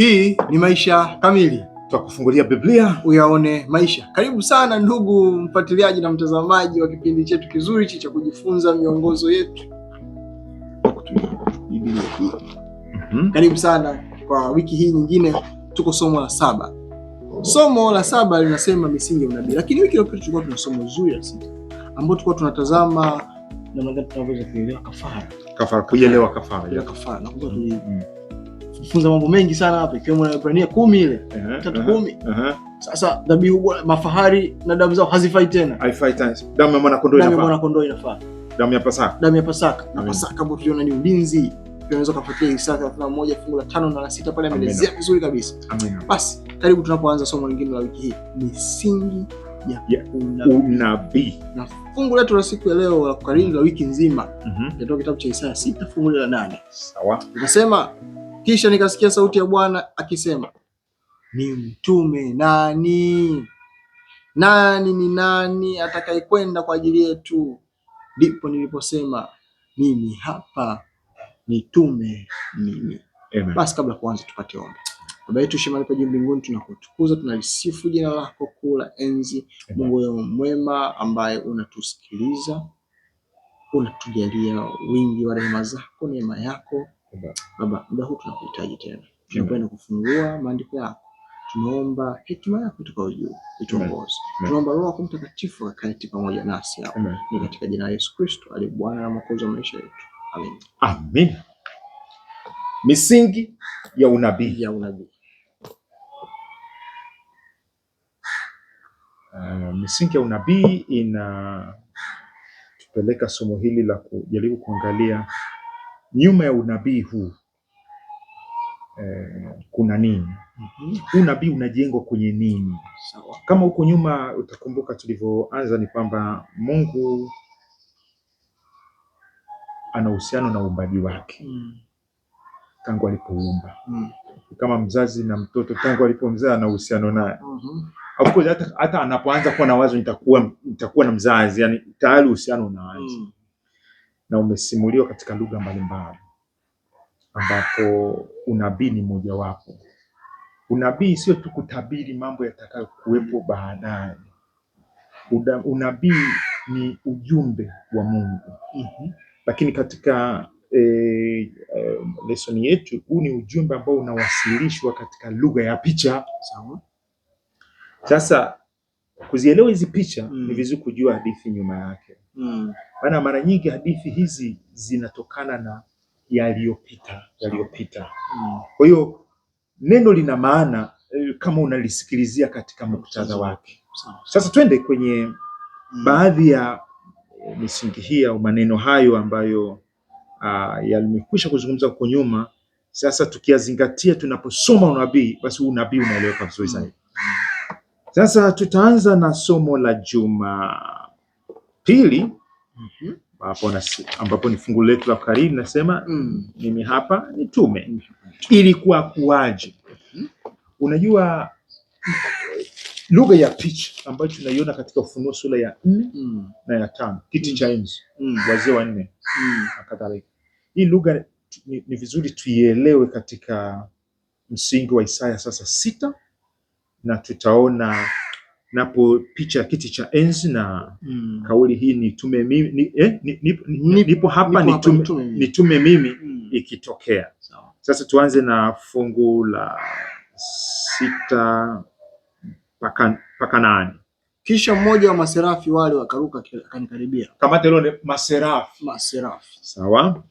Hii ni Maisha Kamili, twakufungulia Biblia uyaone maisha. Karibu sana ndugu mfuatiliaji na mtazamaji wa kipindi chetu kizuri cha kujifunza miongozo yetu. Mhm. Karibu sana kwa wiki hii nyingine, tuko somo la saba. Somo la saba linasema misingi ya unabii, lakini wiki iliyopita tulikuwa tuna somo zuri la sita ambao tulikuwa tunatazama namna gani tunaweza kuelewa kafara, kafara, kuelewa kafara, kafara kufunza mambo mengi sana hapa ikiwemo na Ibrania kumi ile tatu kumi. Sasa dhabihu bora mafahari na damu zao hazifai tena, haifai tena. Damu ya mwana kondoo inafaa, damu ya mwana kondoo inafaa, damu ya Pasaka, damu ya Pasaka na Pasaka ambayo tuliona ni ulinzi. Tunaweza kufuatilia Isaya 31 fungu la 5 na la 6 pale, amelezea vizuri kabisa. Amina. Basi karibu tunapoanza somo lingine la wiki hii, misingi ya yeah, unabii na fungu letu la siku ya leo la kukariri la wiki nzima, mm -hmm. Ndio kitabu cha Isaya 6 fungu la 8. Sawa, tunasema kisha nikasikia sauti ya Bwana akisema, ni mtume nani? Nani ni nani atakayekwenda kwa ajili yetu? Ndipo niliposema mimi hapa, nitume mimi. Basi kabla kuanza, tupate ombi. Baba yetu shema lipo juu mbinguni, tunakutukuza tunalisifu jina lako kuu la enzi. Mungu wewe mwema, ambaye unatusikiliza, unatujalia wingi wa rehema zako, neema yako Baba, muda huu tunakuhitaji tena, tunapenda kufungua maandiko yako, tunaomba hekima yako kutoka juu ituongoze, tunaomba Roho yako Mtakatifu akaketi pamoja nasi hapa, ni katika jina la Yesu Kristo aliye Bwana na Mwokozi wa maisha yetu, amen. Amen. Misingi ya unabii ya unabii. Uh, misingi ya unabii inatupeleka somo hili la kujaribu kuangalia nyuma ya unabii huu eh, kuna nini? Mhm. Huu nabii unajengwa kwenye nini? Kama huko nyuma utakumbuka tulivyoanza ni kwamba Mungu ana uhusiano na uumbaji wake mm. tangu alipoumba mm. kama mzazi na mtoto tangu alipomzaa ana uhusiano naye mm -hmm. of course hata, hata anapoanza kuwa na wazo nitakuwa nitakuwa na mzazi yani tayari uhusiano unaanza mm na umesimuliwa katika lugha mbalimbali, ambapo unabii ni mojawapo. Unabii sio tu kutabiri mambo yatakayokuwepo baadaye. Unabii ni ujumbe wa Mungu. Mm-hmm. Lakini katika e, e, lesoni yetu huu ni ujumbe ambao unawasilishwa katika lugha ya picha. Sawa. Sasa kuzielewa hizi picha mm. ni vizuri kujua hadithi nyuma yake mm. maana mara nyingi hadithi hizi zinatokana na yaliyopita yaliyopita mm. kwa hiyo neno lina maana eh, kama unalisikilizia katika muktadha wake. Sasa twende kwenye mm. baadhi ya eh, misingi hii au maneno hayo ambayo ah, yalimekwisha kuzungumza huko nyuma. Sasa tukiyazingatia tunaposoma unabii, basi huu unabii unaeleweka vizuri mm. zaidi. Sasa tutaanza na somo la juma pili mm -hmm. ambapo ni fungu letu la karibu nasema mm. mimi hapa nitume mm -hmm. ilikuwa kuwaje? mm -hmm. Unajua lugha ya picha ambayo tunaiona katika Ufunuo sura ya nne mm. na ya tano kiti cha enzi mm. wazee wanne mm. na kadhalika. Hii lugha ni, ni vizuri tuielewe katika msingi wa Isaya sasa sita na tutaona napopicha kiti cha enzi na mm. kauli hii nitume mimi ni, eh, ni, ni, ni, nipo hapa ni nitume, nitume mimi mm. ikitokea so. Sasa tuanze na fungu la sita mpaka nane. Kisha mmoja wa maserafi wale wakaruka akanikaribia. Kamata hilo ni maserafi. Maserafi. Sawa.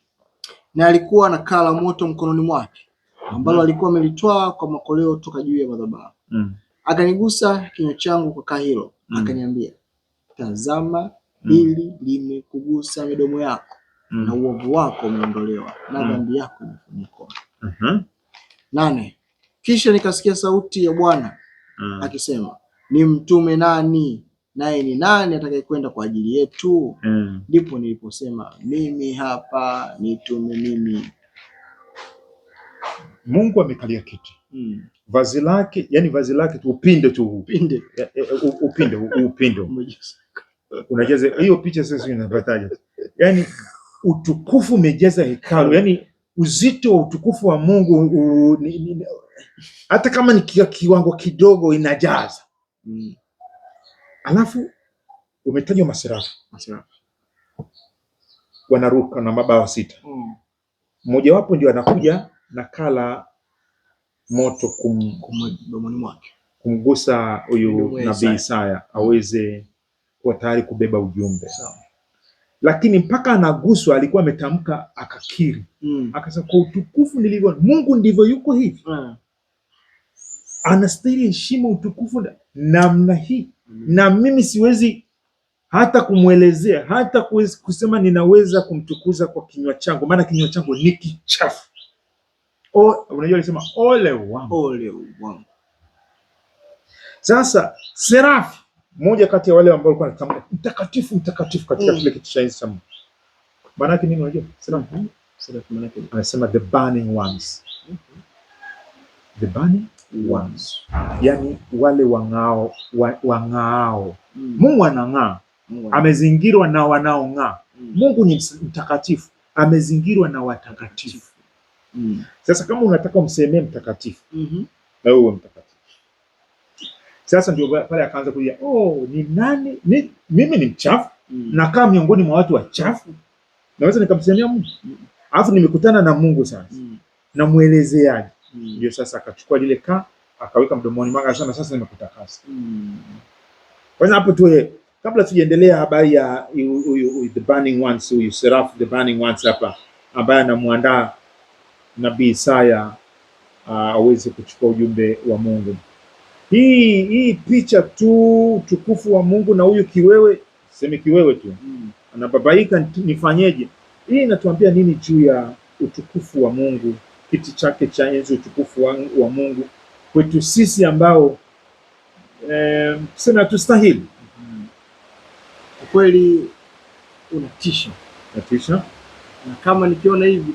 Na alikuwa na kaa la moto mkononi mwake ambalo mm. alikuwa amelitoa kwa makoleo toka juu ya madhabahu mm. Akanigusa kinywa changu kwa kaa hilo mm. Akaniambia, tazama mm. hili mm. limekugusa midomo yako mm. na uovu wako umeondolewa na mm. dhambi mm. yako imefunikwa. mm -hmm. Nane, kisha nikasikia sauti ya Bwana mm. akisema, ni mtume nani naye ni nani atakayekwenda kwa ajili yetu? Mm. Ndipo mm. niliposema mimi hapa, nitume mimi. Mungu amekalia kiti mm vazi lake, yani vazi lake tu upinde tu upinde eh, eh, eh, upinde upinde, unajaza hiyo picha. Sasa unapataje? Yani utukufu umejaza hekalu, yani uzito wa utukufu wa Mungu u, ni, ni, hata kama ni kiwango kidogo inajaza mm. Alafu umetajwa masirafu, wanaruka na mabawa sita, mm. mmojawapo ndio anakuja na kala moto kum, kumgusa huyu nabii Isaya aweze kuwa tayari kubeba ujumbe Sao. Lakini mpaka anaguswa alikuwa ametamka akakiri, mm. akasema kwa utukufu nilivyo Mungu ndivyo yuko hivi mm. anastahili heshima, utukufu namna hii mm. na mimi siwezi hata kumwelezea hata kusema ninaweza kumtukuza kwa kinywa changu, maana kinywa changu ni kichafu unajua alisema ole wangu. Ole wangu. Sasa Serafi mmoja kati ya wale ambao walikuwa wanatamka mtakatifu mtakatifu katika mm. kile kitu cha Yesu. Maana yake nini unajua? Serafi. Hmm? Serafi maana yake anasema the burning ones. The burning mm. ones. yani wale wang'ao wang'ao. Mm. Mungu anang'aa. Amezingirwa na wanaong'aa. Mungu ni mtakatifu, amezingirwa na watakatifu. Mm. Sasa kama unataka umsemee mtakatifu mm -hmm. na wewe mtakatifu sasa ndio pale akaanza kulia, oh, ni nani ni, mimi ni mchafu mm. nakaa miongoni mwa watu wachafu, naweza nikamsemea Mungu mm alafu nimekutana na Mungu sasa mm. namwelezeaje? Mm. Ndio mm. Sasa akachukua lile ka akaweka mdomoni mwake, akasema sasa nimekutakasa mm. Kwa hiyo hapo tu, kabla tujaendelea habari ya huyu the burning ones, huyu Seraph the burning ones hapa ambaye anamwandaa nabii Isaya ah, aweze kuchukua ujumbe wa Mungu. Hii hii picha tu utukufu wa Mungu na huyu kiwewe, seme kiwewe tu hmm, anababaika, nifanyeje? Hii inatuambia nini juu ya utukufu wa Mungu, kiti chake cha enzi, utukufu wa, wa Mungu kwetu sisi ambao eh, sema hatustahili. Hmm, kweli, unatisha, unatisha na kama nikiona hivi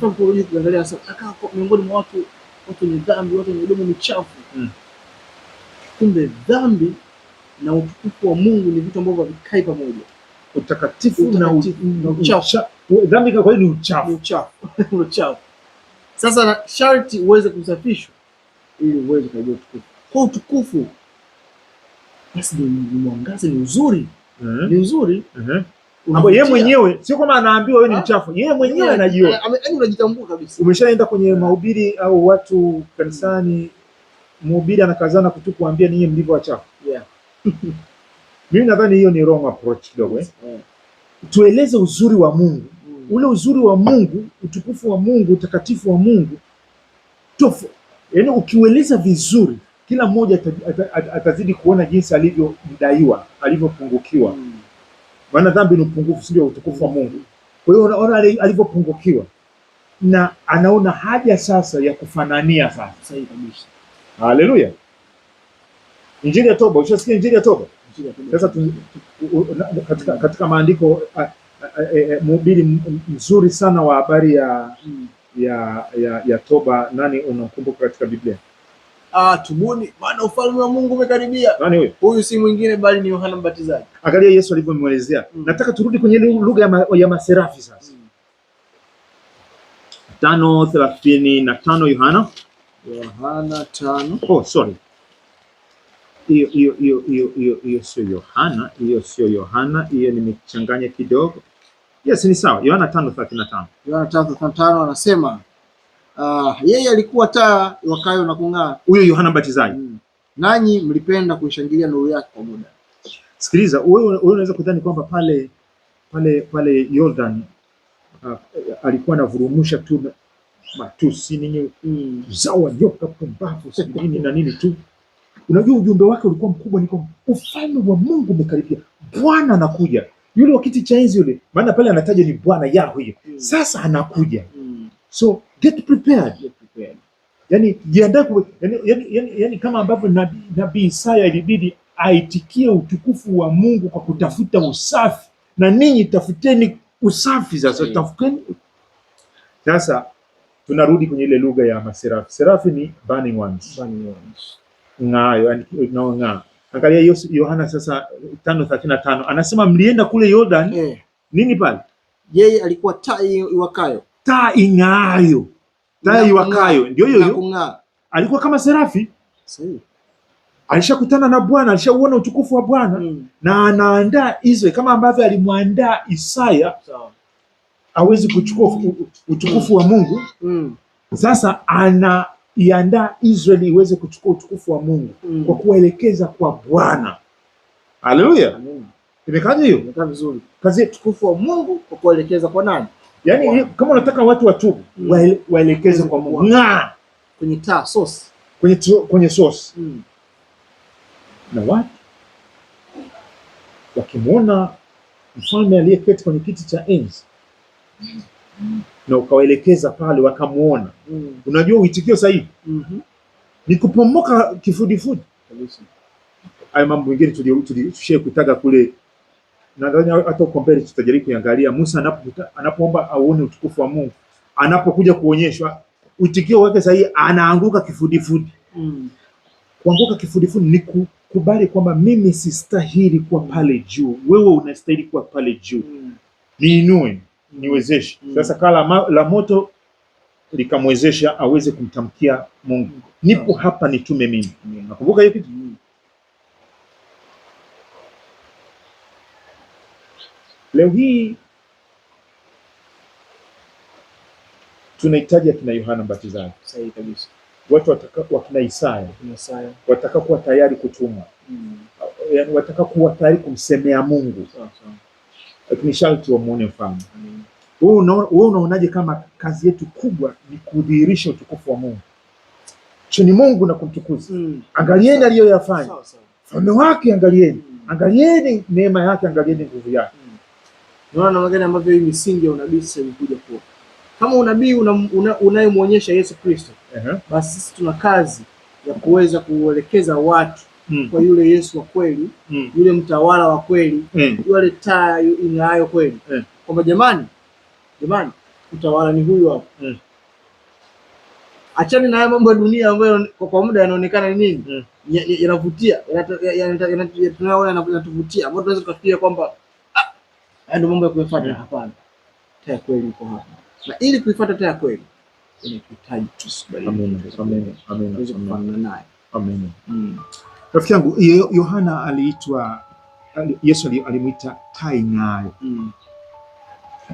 tukiangalia sasa, miongoni mwa watu watu wenye dhambi, watu wenye midomo michafu mm. Kumbe dhambi na utukufu wa Mungu ni vitu ambavyo havikai pamoja. Utakatifu na uchafu, dhambi kwa kweli ni uchafu. Uchafu sasa, na sharti uweze kusafishwa ili uweze kujua utukufu. Kwa utukufu basi ni mwangaza, ni uzuri, mm-hmm. ni uzuri mm-hmm yeye mwenyewe sio kama anaambiwa wewe ni ah, mchafu, yeye eh, mwenyewe eh, anajiona, eh, yaani unajitambua kabisa. Umeshaenda kwenye mahubiri au watu kanisani, mhubiri anakazana kutu kuambia ninyi mlivyo wachafu. Yeah. Mimi nadhani hiyo ni wrong approach kidogo eh. Yeah. Tueleze uzuri wa Mungu mm. Ule uzuri wa Mungu, utukufu wa Mungu, utakatifu wa Mungu tofu, yaani ukiueleza vizuri, kila mmoja atazidi kuona jinsi alivyodaiwa, alivyopungukiwa mm maana dhambi ni upungufu, si ndio? Utukufu wa Mungu. Kwa hiyo unaona alivyopungukiwa na anaona haja sasa ya kufanania sasa. Sahihi kabisa. Haleluya. Injili ya toba, ushasikia injili ya toba? Sasa katika, katika maandiko e, e, mhubiri mzuri sana wa habari ya, mm. ya, ya, ya toba, nani unamkumbuka katika Biblia? Ah, tubuni maana ufalme wa Mungu umekaribia. Nani huyo? Huyu si mwingine bali ni Yohana Mbatizaji. Angalia Yesu alivyomwelezea. Mm. Nataka turudi kwenye lugha ya, ma, ya maserafi sasa. Mm. Tano thelathini na tano Yohana. Yohana tano. Oh, sorry. Hiyo hiyo hiyo hiyo hiyo sio Yohana, hiyo sio Yohana, hiyo nimechanganya kidogo. Yes, ni sawa. Yohana 5:35. Yohana 5:35 anasema uh, yeye alikuwa taa wakayo na kung'aa, huyo Yohana Mbatizaji mm. nanyi mlipenda kuishangilia nuru yake kwa muda. Sikiliza wewe, unaweza kudhani kwamba pale pale pale Yordani uh, ah, alikuwa anavurumusha tu matusi ninyi mm. zawa joka pumbavu nini na nini tu. Unajua ujumbe wake ulikuwa mkubwa, ni kwamba ufalme wa Mungu umekaribia, Bwana anakuja yule wa kiti cha enzi yule, maana pale anataja ni Bwana Yahweh. Hmm. Sasa anakuja mm. so get prepared, get prepared. Yani jiandae yani, yani, yani, yani kama ambavyo nabii nabi Isaya ilibidi aitikie utukufu wa Mungu kwa kutafuta usafi, na ninyi tafuteni usafi. Sasa tafuteni sasa, tunarudi kwenye ile lugha ya maserafi. Serafi ni burning ones, burning ones ng'ayo, yani unaong'aa. Angalia Yohana sasa 5:35 anasema mlienda kule Yordani, eh, nini pale? Yeye alikuwa taa iwakayo, taa ing'aayo taa iwakayo ndio hiyo hiyo. Alikuwa kama serafi, alishakutana na Bwana, alishauona utukufu wa Bwana mm. na anaandaa Israeli kama ambavyo alimwandaa Isaya awezi kuchukua utukufu wa Mungu mm. Sasa anaiandaa Israeli iweze kuchukua utukufu wa Mungu mm. kwa kuwaelekeza kwa Bwana. Haleluya, imekaja hiyo, imekaa vizuri. Kazi utukufu wa Mungu kwa kuelekeza kwa nani? yani, wow. Kama unataka watu watubu mm. waelekeze kwa Mungu. Ng'aa kwenye taa sauce Kwenye tu, kwenye sauce Mm. Na watu wakimwona mfalme aliyeketi kwenye kiti cha enzi mm. na ukawaelekeza pale wakamwona mm. unajua uitikio sahihi mm -hmm. ni kupomoka kifudifudi. Hayo mambo mengine tushie kutaga kule nadhani hata uko mbele tutajaribu kuangalia Musa anapoomba auone utukufu wa Mungu, anapokuja kuonyeshwa uitikio wake sahihi, anaanguka kifudifudi mm. Kuanguka kifudifudi ni kukubali kwamba mimi sistahili kuwa pale juu, wewe unastahili kuwa pale juu mm. Niinue, mm. niwezeshe mm. Sasa kala la moto likamwezesha aweze kumtamkia Mungu, mm. nipo hapa, nitume mimi. Nakumbuka hiyo kitu Leo hii tunahitaji akina Yohana Mbatizaji, sahihi kabisa, watu wataka wakina Isaya, Isaya wataka kuwa tayari kutumwa, mm. Yaani wataka kuwa tayari kumsemea Mungu, lakini sharti wamuone mfano. Wewe unaonaje kama kazi yetu kubwa ni kudhihirisha utukufu wa Mungu chini Mungu na kumtukuza? mm. Angalieni aliyoyafanya, mfalme wake, angalieni, mm. angalieni neema yake, angalieni nguvu yake. mm. Unaona namna gani ambavyo hii misingi ya unabii sasa imekuja kuwa. Kama unabii unayemwonyesha una, Yesu Kristo uh -huh. Basi sisi tuna kazi ya kuweza kuelekeza watu mm. kwa yule Yesu wa kweli mm. yule mtawala wa kweli mm. yule taa ing'aayo kweli mm. kwamba jamani, jamani mtawala ni huyu hapo mm. Achani na haya mambo ya dunia ambayo kwa kwa muda yanaonekana ni nini, mm. yanavutia, yanatuvutia, ambayo tunaweza tukafikiria kwamba Haya ndio mambo ya kuifuata. Hapana, taa ya kweli iko hapa, na ili kuifuata taa ya kweli inahitaji tusubiri. Amen, amen, amina, amina, Amen. Mm. Rafiki yangu Yohana aliitwa, Yesu alimwita taa ing'ayo. mm.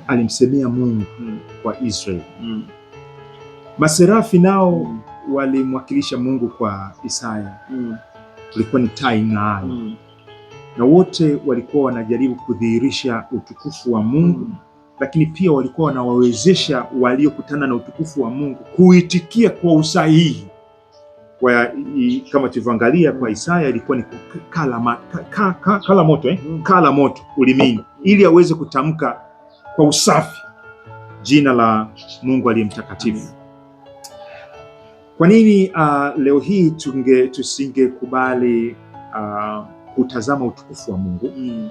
Alimsemea Mungu mm. kwa Israeli mm. Maserafi nao mm. walimwakilisha Mungu kwa Isaya mm. ulikuwa ni taa ing'ayo mm na wote walikuwa wanajaribu kudhihirisha utukufu wa Mungu, lakini pia walikuwa wanawawezesha waliokutana na utukufu wa Mungu kuitikia kwa usahihi. Kwa kama tulivyoangalia kwa Isaya ilikuwa ni kala, ka, ka, kala moto eh? Mm. kala moto ulimini ili aweze kutamka kwa usafi jina la Mungu aliye mtakatifu. Kwa nini uh, leo hii tusinge tusingekubali uh, kutazama utukufu wa Mungu mm.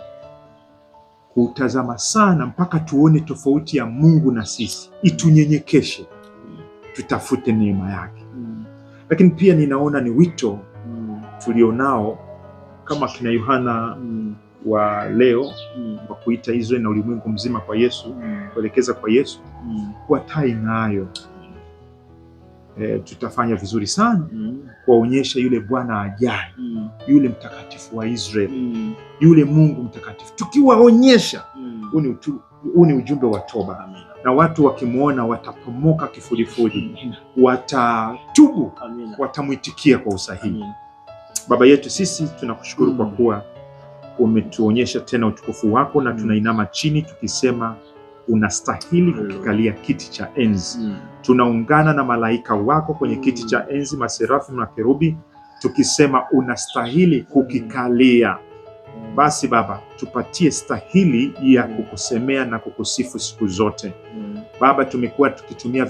Kutazama sana mpaka tuone tofauti ya Mungu na sisi, itunyenyekeshe mm. Tutafute neema yake mm. Lakini pia ninaona ni wito mm. tulionao kama kina Yohana mm. wa leo mm. wa kuita Israeli na ulimwengu mzima kwa Yesu mm. kuelekeza kwa Yesu mm. kuwa taa ing'aayo e, tutafanya vizuri sana mm. kuwaonyesha yule Bwana ajaye mm. yule mtakatifu wa Israeli mm. yule Mungu mtakatifu tukiwaonyesha mm. huu mm. ni ujumbe wa toba Amen. na watu wakimwona watapomoka kifudifudi watatubu watamwitikia kwa usahihi Baba yetu sisi tunakushukuru mm. kwa kuwa umetuonyesha tena utukufu wako na mm. tunainama chini tukisema unastahili mm. kukikalia kiti cha enzi mm. Tunaungana na malaika wako kwenye mm. kiti cha enzi, maserafu na kerubi, tukisema unastahili mm. kukikalia mm. Basi Baba, tupatie stahili ya mm. kukusemea na kukusifu siku zote mm. Baba, tumekuwa tukitumia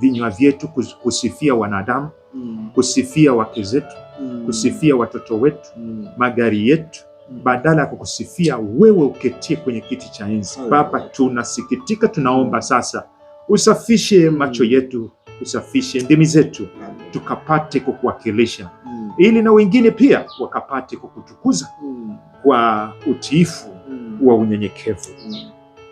vinywa vyetu kusifia wanadamu mm. kusifia wake zetu mm. kusifia watoto wetu mm. magari yetu badala ya kukusifia wewe uketie kwenye kiti cha enzi. Baba, tunasikitika, tunaomba sasa usafishe macho hmm. yetu, usafishe ndimi zetu, tukapate kukuwakilisha hmm. ili na wengine pia wakapate kukutukuza hmm. kwa utiifu wa unyenyekevu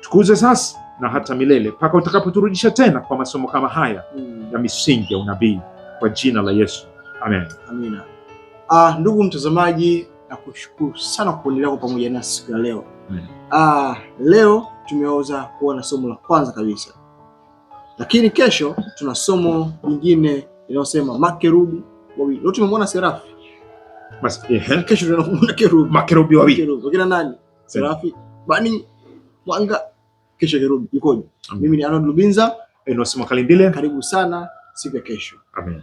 tukuze sasa na hata milele mpaka utakapoturudisha tena kwa masomo kama haya ya misingi ya unabii kwa jina la Yesu, amen. Amina. Ah, ndugu mtazamaji na kushukuru sana kwa kuendelea pamoja nasi siku ya leo. Mm. Ah, leo tumeweza na somo la kwanza kabisa, lakini kesho tuna somo lingine linalosema makerubi wawili. Leo tumemwona Serafi. Bas, eh, kesho tunaona kerubi. Makerubi wawili. Kerubi. Wakina nani? Serafi, Bani, Mwanga, kesho kerubi. Yukoje? Mimi ni Arnold Lubinza. Enos Makalindile. Karibu sana siku ya kesho. Amen.